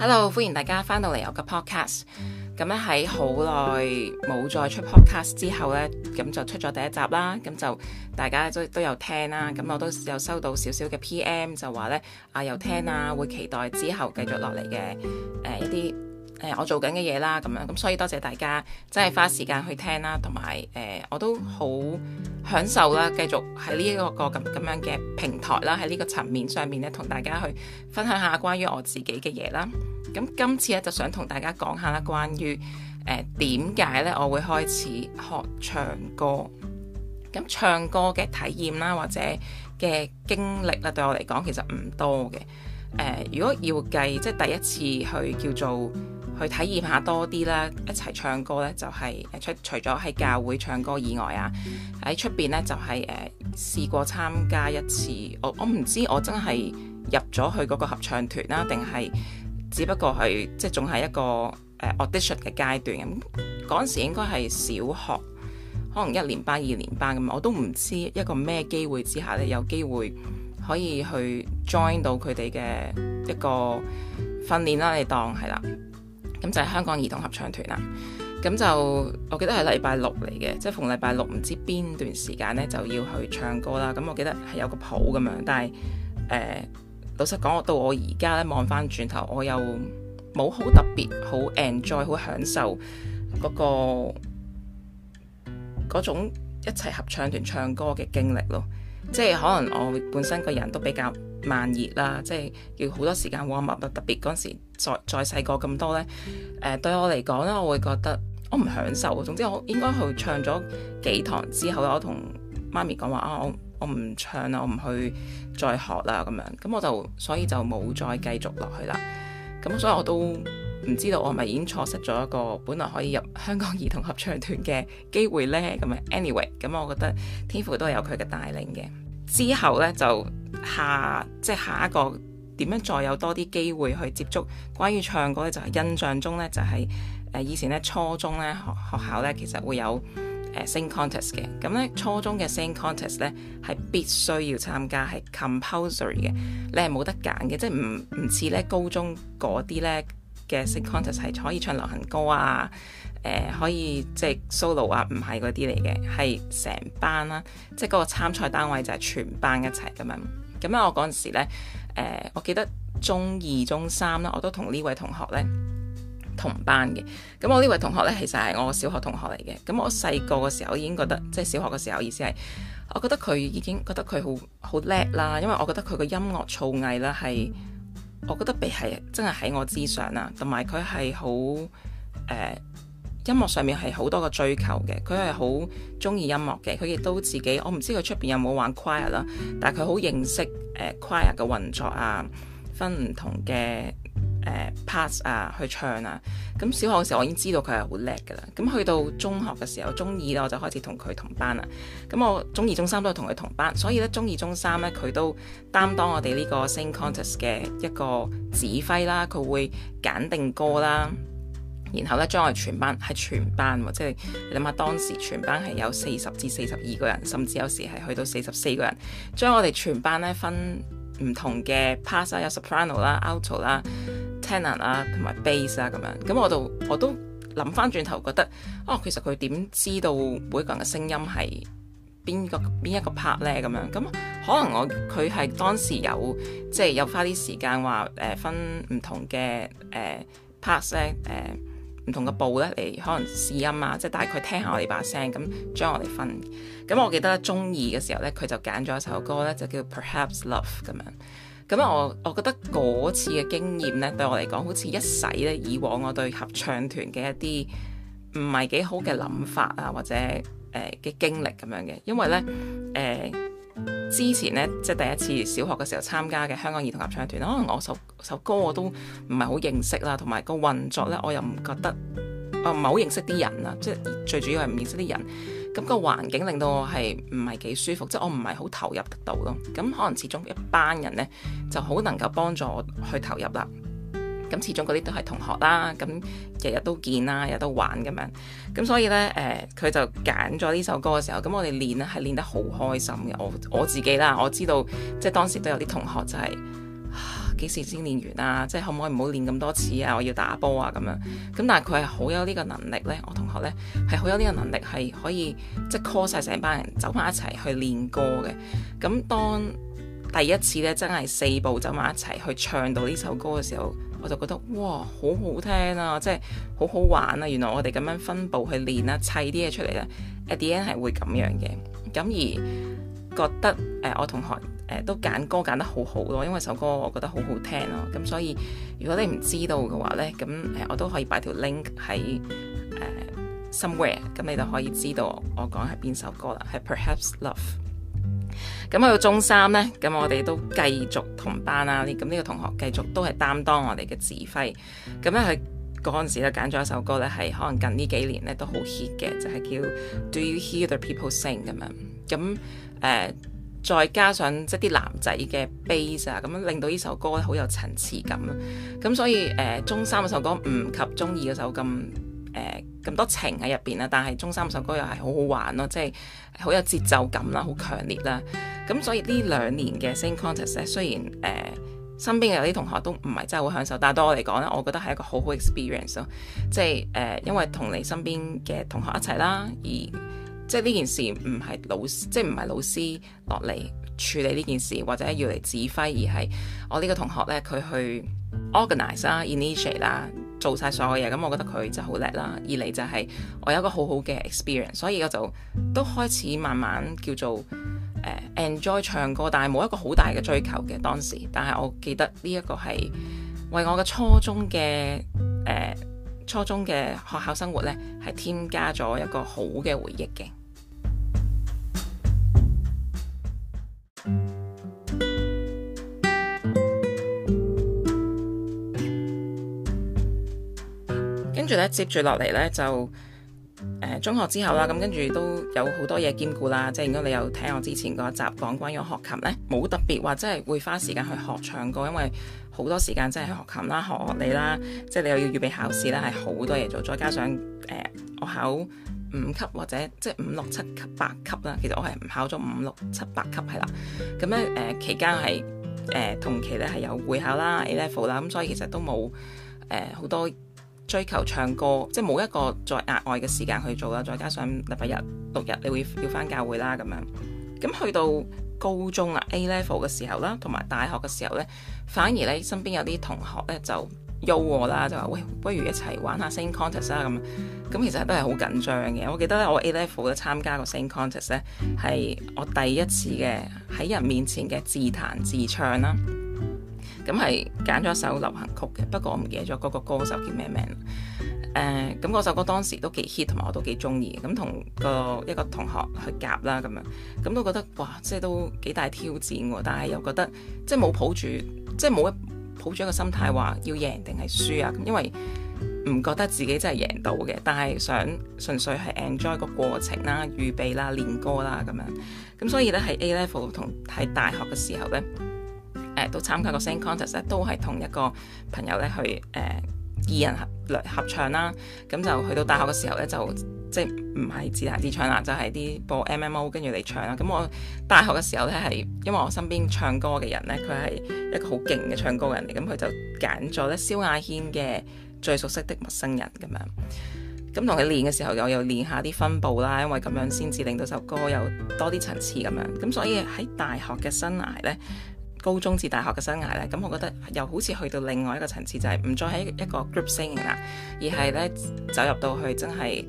Hello，歡迎大家翻到嚟我嘅 podcast。咁咧，喺好耐冇再出 podcast 之後呢，咁就出咗第一集啦。咁就大家都都有聽啦。咁我都有收到少少嘅 PM，就話呢，啊，有聽啊，會期待之後繼續落嚟嘅誒一啲。呃誒、呃、我做緊嘅嘢啦，咁樣咁，所以多謝大家真係花時間去聽啦，同埋誒我都好享受啦，繼續喺呢一個個咁樣嘅平台啦，喺呢個層面上面咧，同大家去分享下關於我自己嘅嘢啦。咁今次咧就想同大家講下啦，關於誒點解咧我會開始學唱歌。咁唱歌嘅體驗啦，或者嘅經歷啦，對我嚟講其實唔多嘅。誒、呃、如果要計即係第一次去叫做。去體驗下多啲啦，一齊唱歌呢、就係，就係誒出除咗喺教會唱歌以外啊，喺出邊呢，面就係誒試過參加一次。我我唔知我真係入咗去嗰個合唱團啦，定係只不過係即係仲係一個誒、呃、audition 嘅階段咁，嗰陣時應該係小學，可能一年班、二年班咁，我都唔知一個咩機會之下呢，有機會可以去 join 到佢哋嘅一個訓練啦。你當係啦。咁就係香港兒童合唱團啦，咁就我記得係禮拜六嚟嘅，即係逢禮拜六唔知邊段時間呢就要去唱歌啦。咁我記得係有個譜咁樣，但係誒、呃、老實講，到我而家咧望翻轉頭，我又冇好特別好 enjoy 好享受嗰、嗰個嗰種一齊合唱團唱歌嘅經歷咯。即係可能我本身個人都比較慢熱啦，即係要好多時間 warm up 啦，特別嗰陣時。再再細個咁多呢，誒、呃、對我嚟講呢，我會覺得我唔享受。總之我應該去唱咗幾堂之後，我同媽咪講話啊，我我唔唱啦，我唔去再學啦咁樣。咁我就所以就冇再繼續落去啦。咁所以我都唔知道我係咪已經錯失咗一個本來可以入香港兒童合唱團嘅機會呢？咁啊，anyway，咁我覺得天父都係有佢嘅帶領嘅。之後呢，就下即係下一個。點樣再有多啲機會去接觸關於唱歌咧？就係、是、印象中咧，就係、是、誒以前咧初中咧學學校咧，其實會有誒 sing contest 嘅。咁、呃、咧、嗯、初中嘅 sing contest 咧係必須要參加，係 compulsory 嘅。你係冇得揀嘅，即係唔唔似咧高中嗰啲咧嘅 sing contest 係可以唱流行歌啊，誒、呃、可以即係 solo 啊，唔係嗰啲嚟嘅，係成班啦、啊，即係嗰個參賽單位就係全班一齊咁樣。咁、嗯、咧我嗰陣時咧。誒、呃，我記得中二、中三啦，我都同呢位同學咧同班嘅。咁我呢位同學咧，其實係我小學同學嚟嘅。咁我細個嘅時候，我已經覺得，即係小學嘅時候，意思係，我覺得佢已經覺得佢好好叻啦。因為我覺得佢個音樂造詣啦，係我覺得比係真係喺我之上啦。同埋佢係好誒。呃音樂上面係好多個追求嘅，佢係好中意音樂嘅，佢亦都自己，我唔知佢出邊有冇玩 choir 啦，但係佢好認識誒 choir 嘅運作啊，分唔同嘅誒、uh, parts 啊去唱啊。咁小學嘅時候，我已經知道佢係好叻㗎啦。咁去到中學嘅時候，中二咧我就開始同佢同班啦。咁我中二、中三都係同佢同班，所以咧中二、中三咧佢都擔當我哋呢個 sing contest 嘅一個指揮啦，佢會揀定歌啦。然後咧，將我哋全班係全班，全班即係你諗下，當時全班係有四十至四十二個人，甚至有時係去到四十四個人，將我哋全班咧分唔同嘅 part 有 soprano 啦、alto 啦、tenor 啦，同埋 bass 啊咁樣。咁我度我都諗翻轉頭，覺得哦，其實佢點知道每個人嘅聲音係邊個邊一個 part 咧？咁樣咁可能我佢係當時有即係有花啲時間話誒分唔同嘅誒 part 咧唔同嘅步咧嚟，可能試音啊，即係大概聽下我哋把聲，咁將我哋分。咁我記得中二嘅時候咧，佢就揀咗一首歌咧，就叫 Perhaps Love 咁樣。咁我我覺得嗰次嘅經驗咧，對我嚟講好似一洗咧以往我對合唱團嘅一啲唔係幾好嘅諗法啊，或者誒嘅、呃、經歷咁樣嘅，因為咧。之前咧，即係第一次小學嘅時候參加嘅香港兒童合唱團啦，可能我首首歌我都唔係好認識啦，同埋個運作咧，我又唔覺得，啊唔係好認識啲人啦，即係最主要係唔認識啲人，咁個環境令到我係唔係幾舒服，即係我唔係好投入得到咯，咁可能始終一班人咧就好能夠幫助我去投入啦。咁始終嗰啲都係同學啦，咁日日都見啦，日日都玩咁樣咁，所以呢，誒、呃，佢就揀咗呢首歌嘅時候，咁我哋練呢係練得好開心嘅。我我自己啦，我知道即係當時都有啲同學就係、是、幾時先練完啊？即係可唔可以唔好練咁多次啊？我要打波啊咁樣咁，但係佢係好有呢個能力呢。我同學呢，係好有呢個能力，係可以即係 call 晒成班人走埋一齊去練歌嘅。咁當第一次呢，真係四步走埋一齊去唱到呢首歌嘅時候。我就覺得哇，好好聽啊，即係好好玩啊！原來我哋咁樣分部去練啦，砌啲嘢出嚟咧 a d i n 係會咁樣嘅。咁而覺得誒、呃，我同學誒、呃、都揀歌揀得好好咯，因為首歌我覺得好好聽咯。咁所以如果你唔知道嘅話呢，咁誒我都可以擺條 link 喺、uh, somewhere，咁你就可以知道我講係邊首歌啦，係 Perhaps Love。咁去到中三呢，咁我哋都繼續同班啦。咁、這、呢個同學繼續都係擔當我哋嘅指揮。咁咧佢嗰陣時咧揀咗一首歌咧，係可能近呢幾年咧都好 hit 嘅，就係、是、叫 Do You Hear the People Sing 咁樣。咁誒、呃，再加上即啲、就是、男仔嘅 bass 啊，咁令到呢首歌咧好有層次感。咁所以誒、呃，中三嗰首歌唔及中二嗰首咁。咁多情喺入面啦，但係中三首歌又係好好玩咯，即係好有節奏感啦，好強烈啦。咁所以呢兩年嘅 Sing Contest 咧，雖然誒、呃、身邊嘅有啲同學都唔係真係好享受，但係對我嚟講咧，我覺得係一個好好 experience 咯。即係誒，因為同你身邊嘅同學一齊啦，而即係呢件事唔係老師，即係唔係老師落嚟處理呢件事，或者要嚟指揮，而係我呢個同學咧，佢去 organize 啦，initiate 啦。做晒所有嘢，咁我覺得佢就好叻啦。二嚟就係我有一個好好嘅 experience，所以我就都開始慢慢叫做誒、呃、enjoy 唱歌，但係冇一個好大嘅追求嘅當時。但係我記得呢一個係為我嘅初中嘅誒、呃、初中嘅學校生活呢，係添加咗一個好嘅回憶嘅。跟住咧，接住落嚟咧就，誒、呃、中學之後啦，咁跟住都有好多嘢兼顧啦。即係如果你有睇我之前嗰集講關於學琴咧，冇特別話真係會花時間去學唱歌，因為好多時間真係去學琴啦、學樂理啦，即係你又要預備考試啦，係好多嘢做。再加上誒、呃，我考五級或者即係五六七級八級啦，其實我係唔考咗五六七八級係啦。咁咧誒期間係誒、呃、同期咧係有會考啦、A level 啦，咁所以其實都冇誒好多。追求唱歌，即係冇一個再額外嘅時間去做啦。再加上禮拜日、六日，你會要返教會啦咁樣。咁去到高中啊，A level 嘅時候啦，同埋大學嘅時候呢，反而呢，身邊有啲同學呢就邀我啦，就話喂，不如一齊玩下 sing contest 啦。咁。咁其實都係好緊張嘅。我記得我 A level 呢參加個 sing contest 呢，係我第一次嘅喺人面前嘅自彈自唱啦。咁係揀咗首流行曲嘅，不過我唔記得咗嗰個歌手叫咩名。誒、呃、咁、嗯、嗰首歌當時都幾 hit，同埋我都幾中意。咁同個一個同學去夾啦，咁樣，咁、嗯、都覺得哇，即係都幾大挑戰喎。但係又覺得即係冇抱住，即係冇一抱住一個心態話要贏定係輸啊。咁因為唔覺得自己真係贏到嘅，但係想純粹係 enjoy 個過程啦、預備啦、練歌啦咁樣。咁、嗯、所以咧喺 A level 同喺大學嘅時候咧。都參加過 sing contest 都係同一個朋友咧去誒、呃、二人合合唱啦。咁就去到大學嘅時候咧，就即係唔係自彈自唱啦，就係、是、啲播 M M O 跟住嚟唱啦。咁我大學嘅時候咧，係因為我身邊唱歌嘅人咧，佢係一個好勁嘅唱歌人嚟，咁佢就揀咗咧蕭亞軒嘅《最熟悉的陌生人》咁樣。咁同佢練嘅時候，又又練下啲分佈啦，因為咁樣先至令到首歌有多啲層次咁樣。咁所以喺大學嘅生涯咧，高中至大學嘅生涯咧，咁我覺得又好似去到另外一個層次，就係唔再喺一個 group singing 啦，而係呢走入到去真係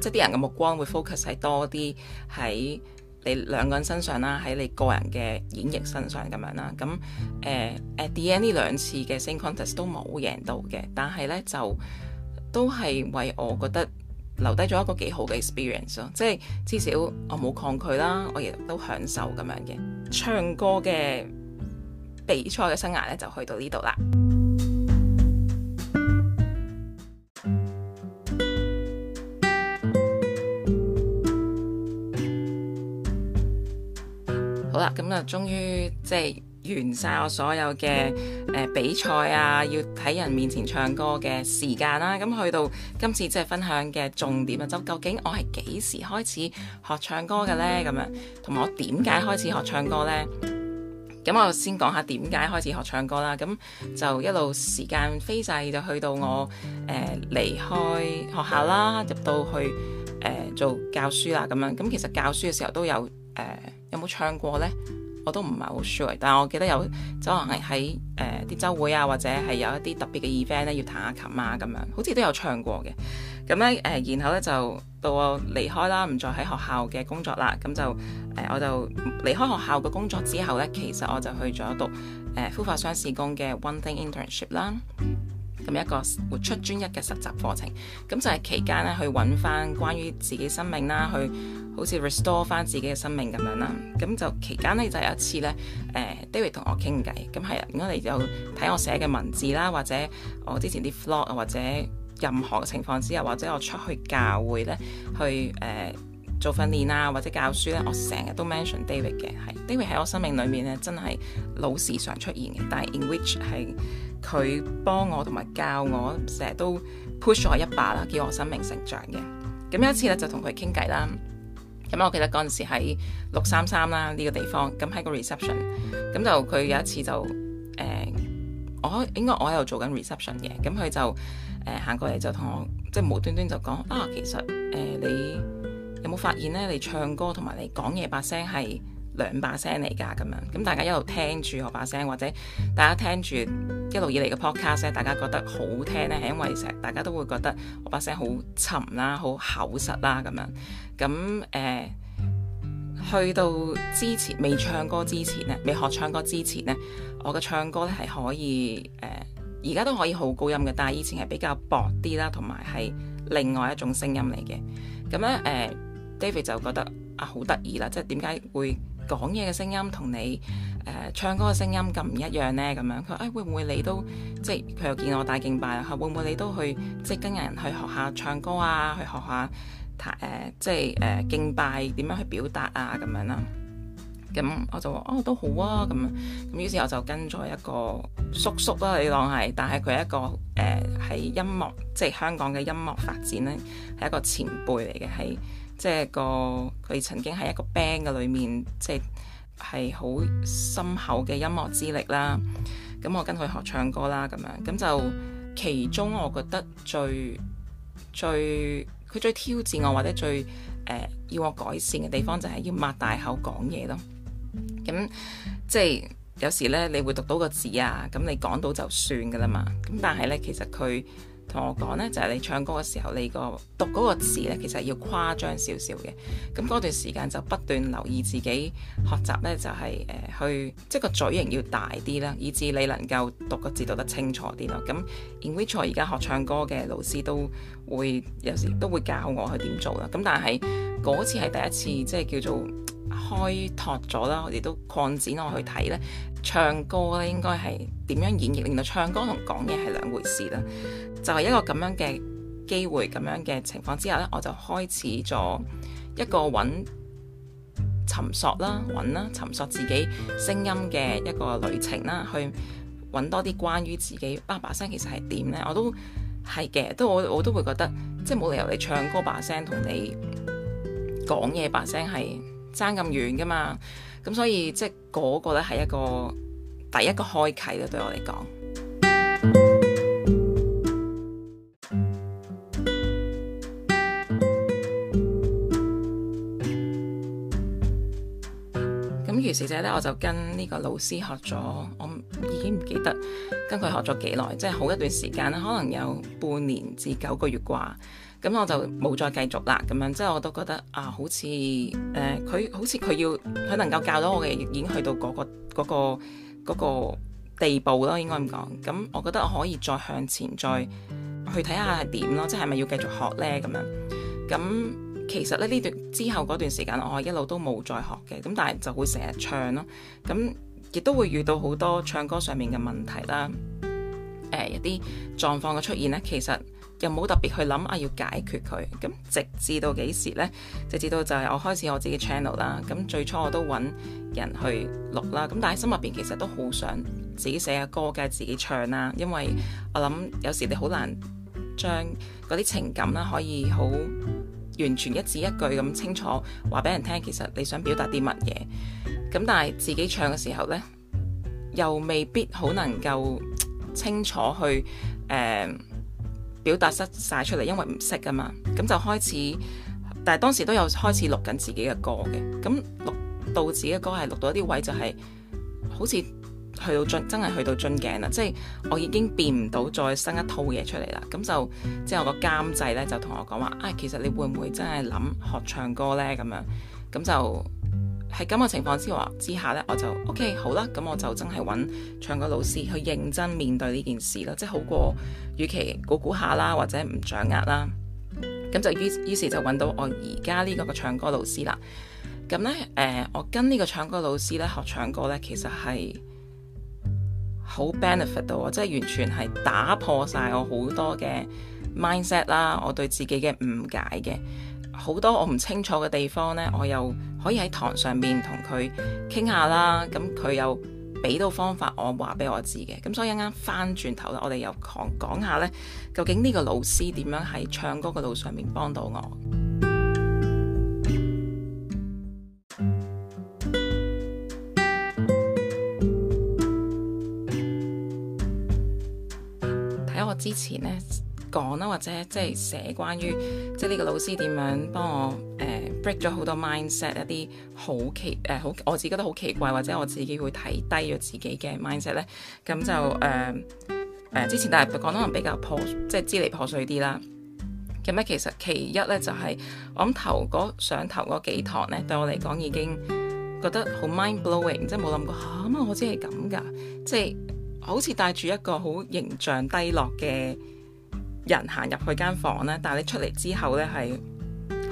即係啲人嘅目光會 focus 喺多啲喺你兩個人身上啦，喺你個人嘅演繹身上咁樣啦。咁誒誒，at the end 呢兩次嘅 sing contest 都冇贏到嘅，但係呢就都係為我覺得留低咗一個幾好嘅 experience，即係至少我冇抗拒啦，我亦都享受咁樣嘅唱歌嘅。比賽嘅生涯咧，就去到呢度啦。 好啦，咁就終於即係完晒我所有嘅誒、呃、比賽啊，要喺人面前唱歌嘅時間啦、啊。咁、嗯、去到今次即係分享嘅重點啊，就究竟我係幾時開始學唱歌嘅呢？咁樣同埋我點解開始學唱歌呢？咁我先講下點解開始學唱歌啦，咁就一路時間飛逝，就去到我誒、呃、離開學校啦，入到去誒、呃、做教書啦咁樣。咁其實教書嘅時候都有誒、呃、有冇唱過呢？我都唔係好 sure，但係我記得有可能係喺誒啲周會啊，或者係有一啲特別嘅 event 咧，要彈下琴啊咁樣，好似都有唱過嘅。咁咧誒，然後咧就到我離開啦，唔再喺學校嘅工作啦。咁就誒、呃，我就離開學校嘅工作之後咧，其實我就去咗讀誒孵化商事工嘅 One Thing Internship 啦，咁一個活出專一嘅實習課程。咁就係期間咧去揾翻關於自己生命啦，去。好似 restore 翻自己嘅生命咁樣啦，咁就期間咧就有一次咧，誒、呃、David 同我傾偈咁係啊你有睇我寫嘅文字啦，或者我之前啲 vlog 或者任何嘅情況之下，或者我出去教會咧去誒、呃、做訓練啊，或者教書咧，我成日都 mention David 嘅係 David 喺我生命裏面咧真係老時常出現嘅，但係 in which 係佢幫我同埋教我成日都 push 咗我一把啦，叫我生命成長嘅。咁有一次咧就同佢傾偈啦。咁我記得嗰陣時喺六三三啦呢個地方，咁喺個 reception，咁就佢有一次就誒、呃，我應該我又做緊 reception 嘅，咁佢就誒、呃、行過嚟就同我即係無端端就講啊，其實誒、呃、你有冇發現咧，你唱歌同埋你講嘢把聲係兩把聲嚟㗎，咁樣咁大家一路聽住我把聲，或者大家聽住一路以嚟嘅 podcast 大家覺得好聽呢？係因為成日大家都會覺得我把聲好沉啦，好厚實啦，咁樣咁誒、呃。去到之前未唱歌之前呢，未學唱歌之前呢，我嘅唱歌咧係可以誒，而家都可以好高音嘅，但係以前係比較薄啲啦，同埋係另外一種聲音嚟嘅。咁咧誒，David 就覺得啊，好得意啦，即係點解會？講嘢嘅聲音同你誒、呃、唱歌嘅聲音咁唔一樣呢？咁樣佢話誒、哎、會唔會你都即係佢又見我帶敬拜，啊會唔會你都去即係跟人去學下唱歌啊，去學下誒、呃、即係誒、呃、敬拜點樣去表達啊咁樣啦？咁我就話哦都好啊咁，咁於是我就跟咗一個叔叔啦，你當係，但係佢係一個誒喺、呃、音樂即係香港嘅音樂發展咧係一個前輩嚟嘅係。即係個佢曾經喺一個 band 嘅裏面，即係係好深厚嘅音樂資歷啦。咁我跟佢學唱歌啦，咁樣咁就其中我覺得最最佢最挑戰我或者最誒、呃、要我改善嘅地方就係要擘大口講嘢咯。咁即係有時咧，你會讀到個字啊，咁你講到就算㗎喇嘛。咁但係咧，其實佢同我講呢，就係、是、你唱歌嘅時候，你個讀嗰個字呢，其實要誇張少少嘅。咁嗰段時間就不斷留意自己學習呢，就係、是、誒、呃、去即係個嘴型要大啲啦，以至你能夠讀個字讀得清楚啲咯。咁 In Which 才而家學唱歌嘅老師都會有時都會教我去點做啦。咁但係嗰次係第一次即係叫做。開拓咗啦，我哋都擴展我去睇咧唱歌咧，應該係點樣演繹？原來唱歌同講嘢係兩回事啦。就係、是、一個咁樣嘅機會，咁樣嘅情況之下咧，我就開始咗一個揾尋索啦，揾啦尋索自己聲音嘅一個旅程啦，去揾多啲關於自己把把聲其實係點咧。我都係嘅，都我我都會覺得即係冇理由你唱歌把聲同你講嘢把聲係爭咁遠噶嘛，咁所以即係嗰個咧係一個第一個開啓咧，對我嚟講。咁 於是者咧，我就跟呢個老師學咗，我已經唔記得跟佢學咗幾耐，即係好一段時間啦，可能有半年至九個月啩。咁我就冇再繼續啦，咁樣即係我都覺得啊，好似誒佢好似佢要佢能夠教到我嘅已經去到嗰個嗰個嗰個地步咯，應該咁講。咁我覺得我可以再向前再去睇下係點咯，即係咪要繼續學呢？咁樣？咁其實咧呢段之後嗰段時間，我一路都冇再學嘅。咁但係就會成日唱咯，咁亦都會遇到好多唱歌上面嘅問題啦，誒一啲狀況嘅出現呢，其實。又冇特別去諗啊，要解決佢咁，直至到幾時呢？直至到就係我開始我自己 channel 啦。咁最初我都揾人去錄啦。咁但係心入邊其實都好想自己寫下歌嘅，自己唱啦。因為我諗有時你好難將嗰啲情感啦，可以好完全一字一句咁清楚話俾人聽。其實你想表達啲乜嘢？咁但係自己唱嘅時候呢，又未必好能夠清楚去誒。呃表達失晒出嚟，因為唔識㗎嘛，咁就開始，但係當時都有開始錄緊自己嘅歌嘅，咁錄到自己嘅歌係錄到啲位就係、是、好似去到樽，真係去到樽頸啦，即係我已經變唔到再生一套嘢出嚟啦，咁就即係我個監製呢，就同我講話啊，其實你會唔會真係諗學唱歌呢？」咁樣，咁就。喺咁嘅情況之話之下呢，我就 OK，好啦，咁我就真係揾唱歌老師去認真面對呢件事咯，即係好過與其估估下啦，或者唔掌握啦，咁就於於是就揾到我而家呢個唱歌老師啦。咁呢，誒、呃，我跟呢個唱歌老師呢，學唱歌呢，其實係好 benefit 到我，即係完全係打破晒我好多嘅 mindset 啦，我對自己嘅誤解嘅，好多我唔清楚嘅地方呢，我又。可以喺堂上面同佢傾下啦，咁佢又俾到方法我，我話俾我知嘅，咁所以一陣間翻轉頭啦，我哋又講，講下呢，究竟呢個老師點樣喺唱歌嘅路上面幫到我？睇 我之前呢。講啦，或者即係寫關於即係呢個老師點樣幫我誒 break 咗好多 mindset 一啲好奇誒、呃、好我自己覺得好奇怪，或者我自己會睇低咗自己嘅 mindset 咧。咁就誒誒、呃呃、之前，但係廣東人比較破即係支離破碎啲啦。咁咧其實其一咧就係、是、我諗頭嗰上頭嗰幾堂咧，對我嚟講已經覺得好 mind blowing，即係冇諗過啊！啊，我知係咁㗎，即係好似帶住一個好形象低落嘅。人行入去間房咧，但係你出嚟之後咧係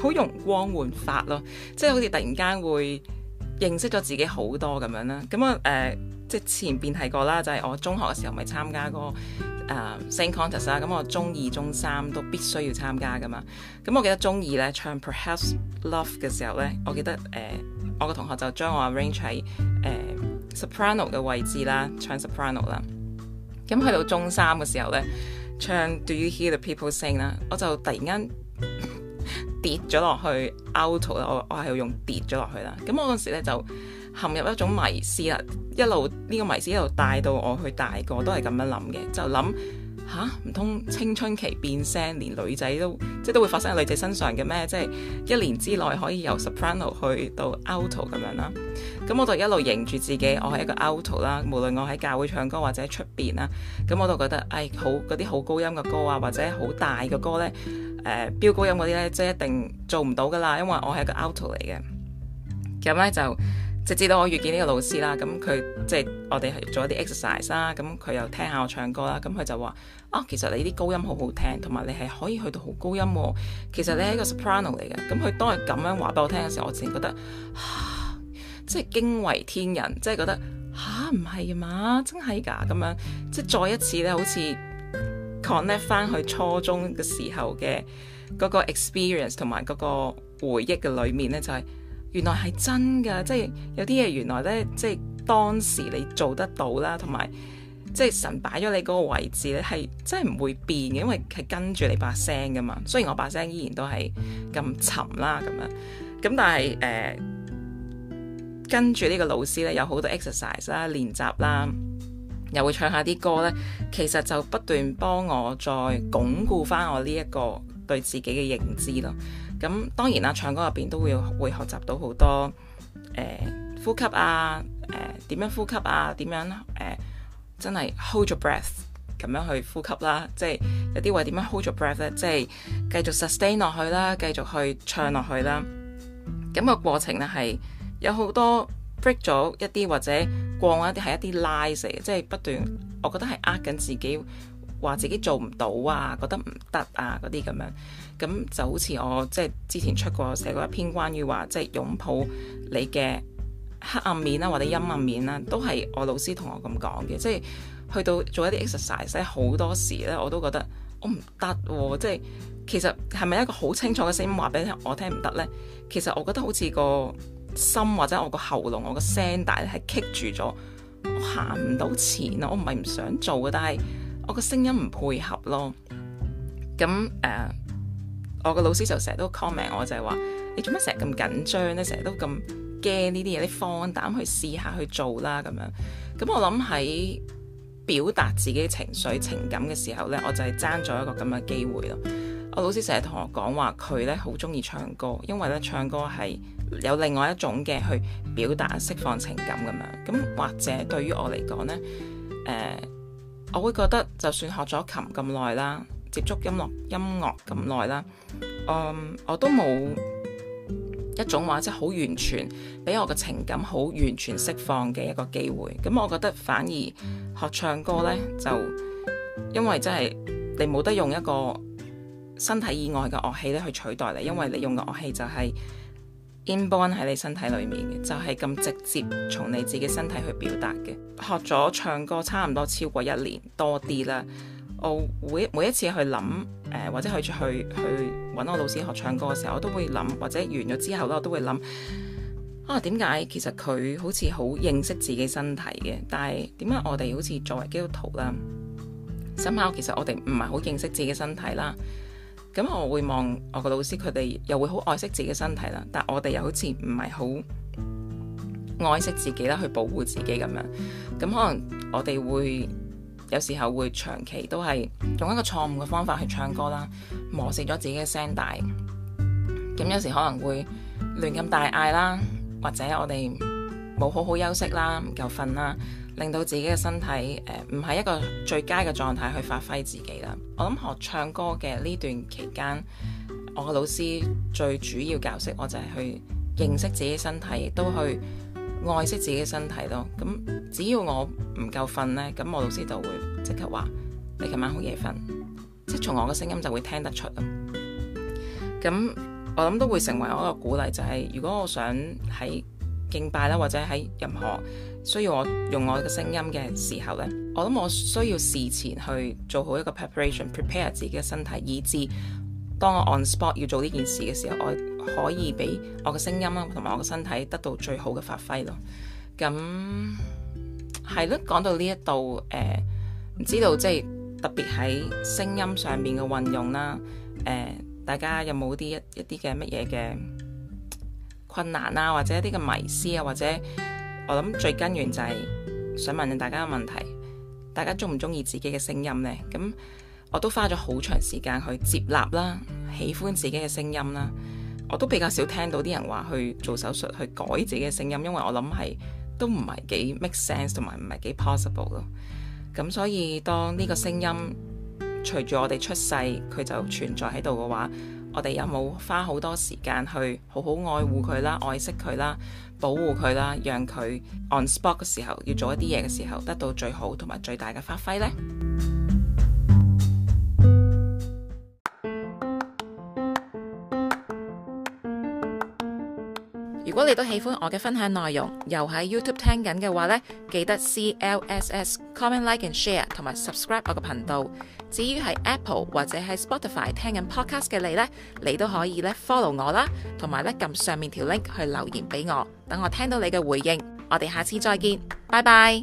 好容光煥發咯，即係好似突然間會認識咗自己好多咁樣啦。咁我誒、呃、即係前邊提過啦，就係、是、我中學嘅時候咪參加嗰個、呃、Sing contest 啦。咁我中二、中三都必須要參加噶嘛。咁我記得中二咧唱 Perhaps Love 嘅時候咧，我記得誒、呃、我個同學就將我 arrange 喺誒、呃、soprano 嘅位置啦，唱 soprano 啦。咁去到中三嘅時候咧。唱 Do you hear the people sing 啦，我就突然間跌咗落去 out 啦， 我我係要用跌咗落去啦，咁我嗰時咧就陷入一種迷思啦，一路呢、呢個迷思一路帶到我去大個都係咁樣諗嘅，就諗。嚇唔通青春期變聲，連女仔都即係都會發生喺女仔身上嘅咩？即係一年之內可以由 soprano 去到 alto 咁樣啦。咁我就一路迎住自己，我係一個 alto 啦。無論我喺教會唱歌或者出邊啦，咁我就覺得唉、哎，好嗰啲好高音嘅歌啊，或者好大嘅歌呢，誒、呃、飆高音嗰啲呢，即係一定做唔到噶啦，因為我係一個 alto 嚟嘅。咁呢就。直至到我遇見呢個老師啦，咁佢即係我哋係做一啲 exercise 啦，咁佢又聽下我唱歌啦，咁佢就話：啊，其實你啲高音好好聽，同埋你係可以去到好高音。其實你係一個 soprano 嚟嘅。咁佢當係咁樣話俾我聽嘅時候，我自然覺得，啊、即係驚為天人，即係覺得嚇唔係嘛，真係㗎咁樣。即係再一次咧，好似 connect 翻去初中嘅時候嘅嗰個 experience 同埋嗰個回憶嘅裏面咧、就係，就係。原來係真噶，即係有啲嘢原來咧，即係當時你做得到啦，同埋即係神擺咗你嗰個位置咧，係真係唔會變嘅，因為係跟住你把聲噶嘛。雖然我把聲依然都係咁沉啦，咁樣咁，但係誒、呃、跟住呢個老師咧，有好多 exercise 啦、練習啦，又會唱下啲歌咧，其實就不斷幫我再鞏固返我呢一個對自己嘅認知咯。咁當然啦，唱歌入邊都會會學習到好多誒、呃、呼吸啊，誒、呃、點樣呼吸啊，點樣誒、呃、真係 hold your breath 咁樣去呼吸啦，即係有啲話點樣 hold your breath 咧，即係繼續 sustain 落去啦，繼續去唱落去啦。咁個過程咧，係有好多 break 咗一啲或者逛一啲係一啲 lies 嚟嘅，即係不斷，我覺得係呃緊自己。話自己做唔到啊，覺得唔得啊，嗰啲咁樣咁就好似我即係之前出過寫過一篇關於話即係擁抱你嘅黑暗面啦、啊，或者陰暗面啦、啊，都係我老師同我咁講嘅。即係去到做一啲 exercise 好多時咧我都覺得我唔得喎。即係其實係咪一個好清楚嘅聲音話俾我聽唔得呢？其實我覺得好似個心或者我個喉嚨，我個聲帶係棘住咗，我行唔到前啊。我唔係唔想做嘅，但係。我個聲音唔配合咯，咁誒、呃，我個老師就成日都 comment 我，就係話：你做咩成日咁緊張呢？成日都咁驚呢啲嘢，你放膽去試下去做啦咁樣。咁我諗喺表達自己情緒情感嘅時候呢，我就係爭咗一個咁嘅機會咯。我老師成日同我講話，佢呢好中意唱歌，因為呢唱歌係有另外一種嘅去表達釋放情感咁樣。咁或者對於我嚟講呢。誒、呃。我會覺得就算學咗琴咁耐啦，接觸音樂音樂咁耐啦，嗯，我都冇一種話即係好完全俾我嘅情感好完全釋放嘅一個機會。咁我覺得反而學唱歌呢，就因為真係你冇得用一個身體以外嘅樂器咧去取代你，因為你用嘅樂器就係、是。Inborn 喺你身體裏面嘅，就係、是、咁直接從你自己身體去表達嘅。學咗唱歌差唔多超過一年多啲啦，我每每一次去諗，誒、呃、或者去去去揾我老師學唱歌嘅時候，我都會諗，或者完咗之後咧，我都會諗，啊點解其實佢好似好認識自己身體嘅，但係點解我哋好似作為基督徒啦，深刻其實我哋唔係好認識自己身體啦。咁我會望我個老師，佢哋又會好愛惜自己嘅身體啦。但我哋又好似唔係好愛惜自己啦，去保護自己咁樣。咁可能我哋會有時候會長期都係用一個錯誤嘅方法去唱歌啦，磨蝕咗自己嘅聲帶。咁有時可能會亂咁大嗌啦，或者我哋冇好好休息啦，唔夠瞓啦。令到自己嘅身體誒唔係一個最佳嘅狀態去發揮自己啦。我諗學唱歌嘅呢段期間，我嘅老師最主要教識我就係去認識自己身體，亦都去愛惜自己身體咯。咁只要我唔夠瞓呢，咁我老師就會即刻話：你琴晚好夜瞓，即係從我嘅聲音就會聽得出啊。咁我諗都會成為我一個鼓勵，就是，就係如果我想喺敬拜啦，或者喺任何，需要我用我嘅聲音嘅時候，呢我諗我需要事前去做好一個 preparation，prepare 自己嘅身體，以至當我 on spot 要做呢件事嘅時候，我可以俾我嘅聲音啊同埋我嘅身體得到最好嘅發揮咯。咁係咯，講到呢一度，誒唔知道即係特別喺聲音上面嘅運用啦。誒、呃，大家有冇啲一一啲嘅乜嘢嘅困難啊，或者一啲嘅迷思啊，或者？我諗最根源就係想問大家個問題，大家中唔中意自己嘅聲音呢？咁我都花咗好長時間去接納啦，喜歡自己嘅聲音啦。我都比較少聽到啲人話去做手術去改自己嘅聲音，因為我諗係都唔係幾 make sense 同埋唔係幾 possible 咯。咁所以當呢個聲音隨住我哋出世，佢就存在喺度嘅話。我哋有冇花好多時間去好好愛護佢啦、愛惜佢啦、保護佢啦，讓佢 on spot 嘅時候要做一啲嘢嘅時候得到最好同埋最大嘅發揮呢？你都喜歡我嘅分享內容，又喺 YouTube 聽緊嘅話咧，記得 CLSS comment like and share 同埋 subscribe 我嘅頻道。至於喺 Apple 或者喺 Spotify 聽緊 podcast 嘅你咧，你都可以咧 follow 我啦，同埋咧撳上面條 link 去留言俾我，等我聽到你嘅回應。我哋下次再見，拜拜。